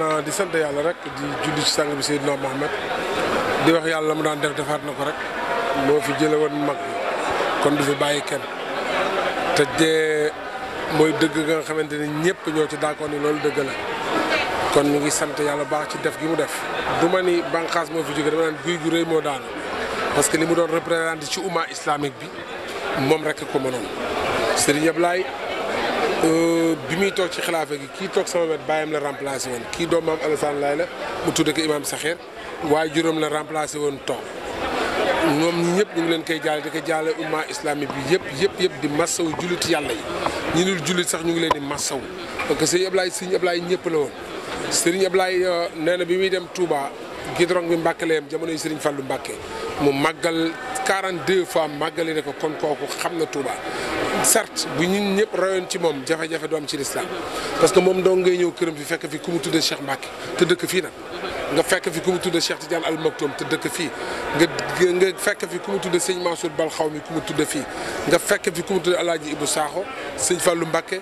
xanaa di sant yàlla rek di julli ci sang bi Seydina Mohamed di wax yàlla mu daan def defaat na ko rek moo fi jële woon mag kon du fi bàyyi kenn te dee mooy dëgg nga xamante ni ñëpp ñoo ci d'accord ni loolu dëgg la kon mu ngi sant yàlla baax ci def gi mu def du ma ni bànqaas moo fi jóge dama naan guy gu rëy moo daan parce que li mu doon représenté ci umma islamique bi moom rek ko mënoon Serigne Ablaye Euh, bi muy toog ci xilaafa gi kii toog sama wet bàyyam la remplacé woon kii doomam Alassane Laye la mu tudd ko Imaam Saxeer waaye juróom la remplacé woon toog moom ñi ñëpp ñu ngi leen koy jaale di ko jaale umma islamique bi yëpp yëpp yëpp di massawu jullit yàlla yi ñi dul jullit sax ñu ngi leen di massawu parce que sëñ Ablaye sëñ Ablaye ñëpp la woon sëriñ Ablaye euh, nee na bi muy dem Touba gidrong bi Mbàkke la yem jamono yi sëriñ Fallu Mbàkke mu màggal 42 fois màggale ne ko kon xam na Touba certes bu ñun ñëpp rayoon ci moom jafe-jafe du ci lislaam parce que moom dong ngay ñëw këram fi fekk fi ku mu tuddee Cheikh Mbacke te dëkk fii nag nga fekk fi ku mu tuddee Cheikh Tidiane Al Maktoum te dëkk fii nga nga fekk fi ku mu tuddee sëñ Mansour Bal xaw mi ku mu tuddee fii nga fekk fi ku mu tuddee Alaaji Ibou Sakho sëñ Fallou Mbacke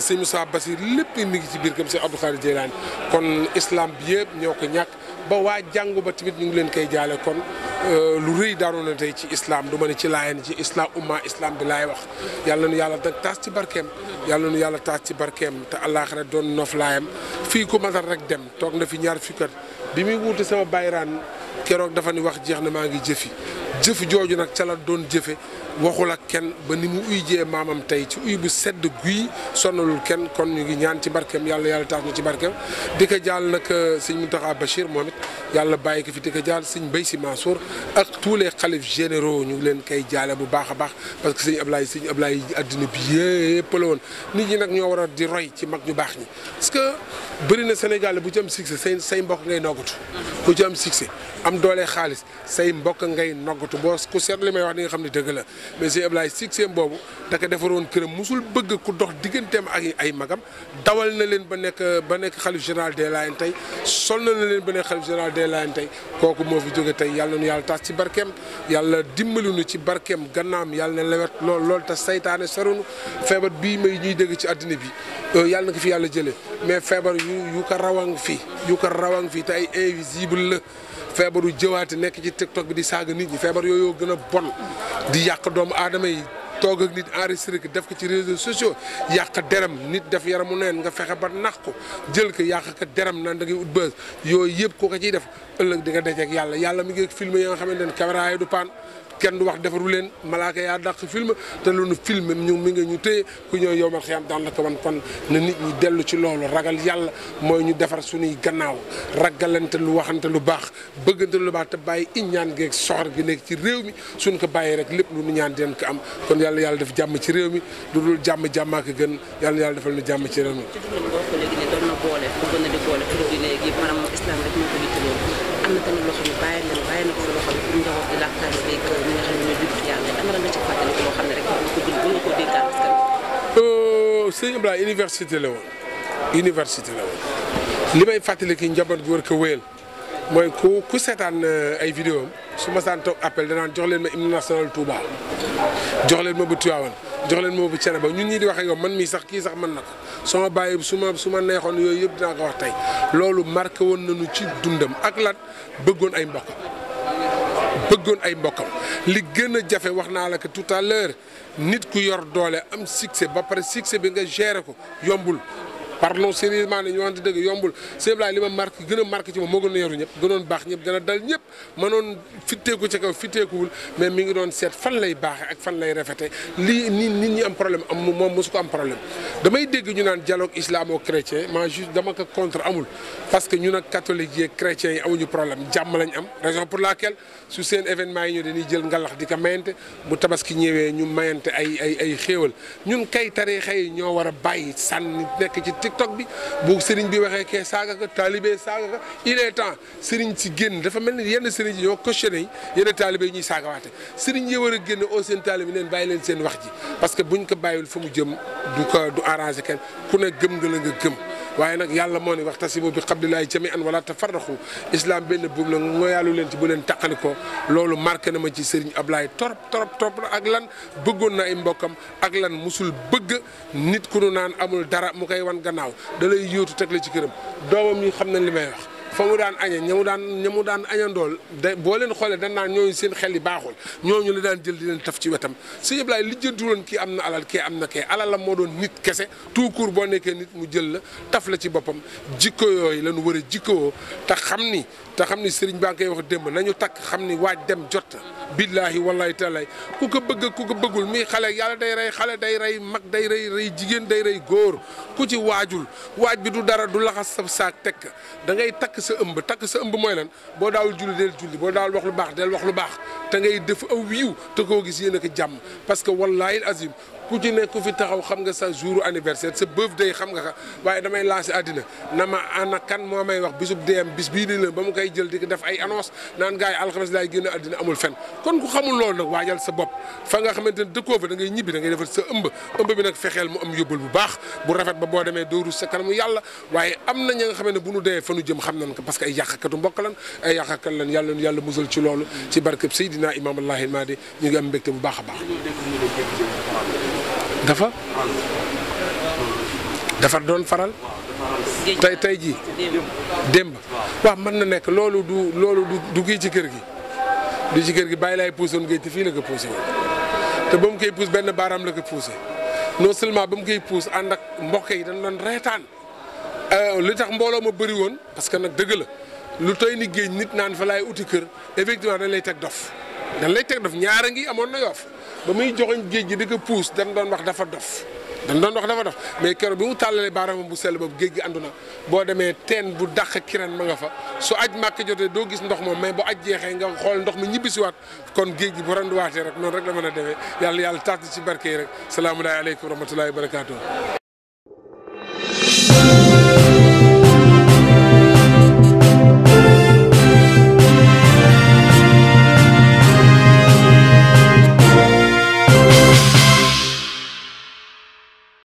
sëñ Moussa Basir lépp mi ngi ci biir kër sëñ Abdou Khadir Jeylaani kon islam bi yëpp ñoo ko ñàkk ba waa jàngu ba tamit ñu ngi leen koy jaale kon Euh, lu rëy daanu na tey ci islaam du ma ne ci laayeen ci islam umma islam bi laay wax yàlla nu yàlla taas ci barkeem yàlla nu yàlla taas ci barkeem te àllaaxira doon nof laayam fii ku matal rek dem toog na fi ñaar fukkat bi muy wuute sama bayraan keroog dafa ni wax jeex na maa ngi jëfi jëf jooju nag ca la doon jëfe waxul ak kenn ba ni mu uy jee maamam tey ci uy bu sedd guy sonnalul kenn kon ñu ngi ñaan ci barkeem yàlla yàlla taas na ci barkeem di jaal jàll nag euh, sëñ Mountakha Bachir moom it yàlla bàyyi ko fi di ko jaal sëñ Mbaye Sy Mansour ak tous les xalifs généraux ñu ngi leen koy jaale bu baax a baax parce que sëñ Ablaye sëñ Ablaye addina bi yëpp la woon nit ñi nag ñoo war a di roy ci mag ñu baax ñi parce que bëri na Sénégal bu ci am succès say say mbokk ngay noggatu ku ci am succès am doole xaalis say mbokk ngay noggatu boo ku seet li may wax di nga xam ne dëgg la mais sëñ Ablaye succès boobu da ko defaroon këram musul bëgg ku dox digganteem ak ay magam dawal na leen ba nekk ba nekk xalif général de Layènes tey sol na leen ba nekk xalif général de Layènes tey kooku moo fi jóge tey yàlla nu yàlla tas ci barkeem yàlla dimbali nu ci barkeem gannaam yàlla na lewet lool lool te saytaane soronu feebar bii may ñuy dégg ci àddina bi euh, yàlla na ko fi yàlla jëlee mais feebar yu yu ko rawang fii yu ko rawang fii te ay invisible la feebaru jëwaate nekk ci tiktok bi di saaga nit ñi feebar yooyu gën a bon di yàq doomu aadama yi toog nit enregistré ko def ko ci réseaux sociaux yàq derem nit def mu neen nga fexe ba nax ko jël ko yàq ko derem nan da ngay ut bës yooyu yëpp ku ko ciy def ëllëg di nga dajeek yàlla yàlla mu ngi filmé yi nga xamante ne caméra yi du paan kenn du wax defaru leen malaaka yaa dàq film te lu nu film ñu mi nga ñu téye ku ñëw yow ma xiyam daan la wan kon na nit ñi dellu ci loolu ragal yàlla mooy ñu defar suñuy gannaaw ragalante lu waxante lu baax bëggante lu baax te bàyyi iñaan geeg soxor gi nekk ci réew mi suñ ko bàyyi rek lépp lu nu ñaan dinañ ko am kon yàlla yàlla def jàmm ci réew mi lu dul jàmm jàmmaa ko gën yàlla yàlla defal nu jàmm ci réew mi. am na tamit loo xam université la woon li may fàttali ki njaboot gi war ko wéyal mooy ku ku seetaan euh, ay vidéo su ma saan toog appel danaan jox leen ma hymne national Touba jox leen ma bu jox leen moo bu cere ba ñu ñii di wax ak yow man mii sax kii sax man na ko su bàyyi su ma su ma neexoon yooyu yëpp dinaa ko wax tey loolu marqué woon nañu ci dundam ak lan bëggoon ay bëggoon ay mbokkam li gën a jafe wax naa la que tout à nit ku yor doole am succès ba pare succès bi nga gérer ko yombul parlons sérieusement ne ñu wax dëgg yombul Séblaay li ma marqué gën a marqué ci moom moo gën a yaru ñëpp gënoon baax ñëpp gën a dal ñëpp mënoon fitteeku ci kaw fitteekuwul mais mi ngi doon seet fan lay baaxee ak fan lay rafete lii nii nit ñi am problème am moom mosu ko am problème damay dégg ñu naan dialogue islamo-chrétien ma juste dama ko contre amul parce que ñu nag catholiques yeeg yi amuñu problème jàmm lañ am raison pour laquelle su seen événement yi ñu dañuy jël ngalax di ko mayante bu tabaski ñëwee ñu mayante ay ay ay xéewal ñun kay tariixa yi ñoo war a bàyyi sànni nekk ci TikTok bi bu sëriñ bi waxee kee saaga ka taalibe saaga ka il est temps sëriñ si génn dafa mel ni yenn sëriñ yi ñoo questionné yi yenn taalibe ñuy saaga waate sëriñ yi war a génn oo seen taalibe neen bàyyi leen seen wax ji parce que bu ñu ko bàyyiwul fa mu jëm du ko du arrangé kenn ku ne gëm nga la nga gëm waaye nag yàlla moo ni wax tasibu bi xablilaay jami an wala tafarraxu islaam benn buum la nga yàllu leen ci bu leen taqalikoo loolu marqué na ma ci sëriñ Ablaye torop torop torop ak lan bëggoon na ay mbokkam ak lan musul bëgg nit ku nu naan amul dara mu koy wan gannaaw da lay yóotu teg la ci këram doomam yi xam nañ li may wax fa mu daan añe ña daan ña mu daan añandool da boo leen xoolee dañ naan ñooñu seen xel yi baaxul ñooñu la daan jël di leen taf ci wetam sëñ Ablaye lijjantuloon kii am na alal kii am na kee alal la moo doon nit kese tout court boo nekkee nit mu jël la taf la ci boppam jikko yooyu lañu war a jikkoo te xam ni te xam ni sëriñ baa ngi koy wax démb nañu takk xam ni waaj dem jot billaahi wallaahi taalaay ku ko bëgg ku bëggul muy xale yàlla day rey xale day rey mag day rey rey jigéen day rey góor ku ci waajul waaj bi du dara du laxas sa saak tekk da ngay takk sa ëmb takk sa ëmb mooy lan boo daawul julli del julli boo daawul wax lu baax del wax lu baax te ngay def aw wiiw te koo gis yéen a ko jàmm parce que wallahi azim ku ci ne fi taxaw xam nga sa jour anniversaire sa birthday xam nga ka waaye damay lancé àddina na ma ana kan wax bisub deem bis bii nii di ko def ay annonce naan gars yi alxames laay génn àddina amul fen kon ku xamul ne dëkkoo fa da ngay ñibbi da ngay defal sa ëmb ëmb bi nag fexeel bu baax bu rafet boo demee dooru sa yàlla waaye na ña nga xam ne bu nu dee fa nu jëm xam nañ ko parce que ay yàqkatu mbokk lan ay yàqkat lan yàlla yàlla musal ci loolu ci barkeb Seydi Seydina Imaam ma Mahdi ñu ngi am mbégte bu baax a baax. dafa. doon faral. tey tey jii. démb waaw mën na nekk loolu du loolu du du kii ci kër gi. du ci kër gi bàyyi laay puusoon géej te fii la ko puusé woon te ba mu koy puus benn baaraam la ko puusé non seulement ba mu koy puus ànd ak mbok yi dañ doon reetaan euh, lu tax mbooloo ma bëri woon parce que nag dëgg la lu toy ni géej nit naan fa laay uti kër effectivement dañ lay teg dof dañ lay teg dof ñaara ngi amoon na yoof ba muy joxoñ géej gi di ko puus dañ doon wax dafa dof dañ doon wax dafa dof mais keroog bi mu tàllalee baaraamam bu sell boobu géej gi àndu na boo demee teen bu dàq kiran ma nga fa su aj màkk jotee doo gis ndox moom mais bu aj jeexee nga xool ndox mi ñibbisiwaat kon géej gi bu randuwaatee rek noonu rek la mën a demee yàlla yàlla taat ci barke yi rek salaamu aleykum wa rahmatullaahi wa barakaatuh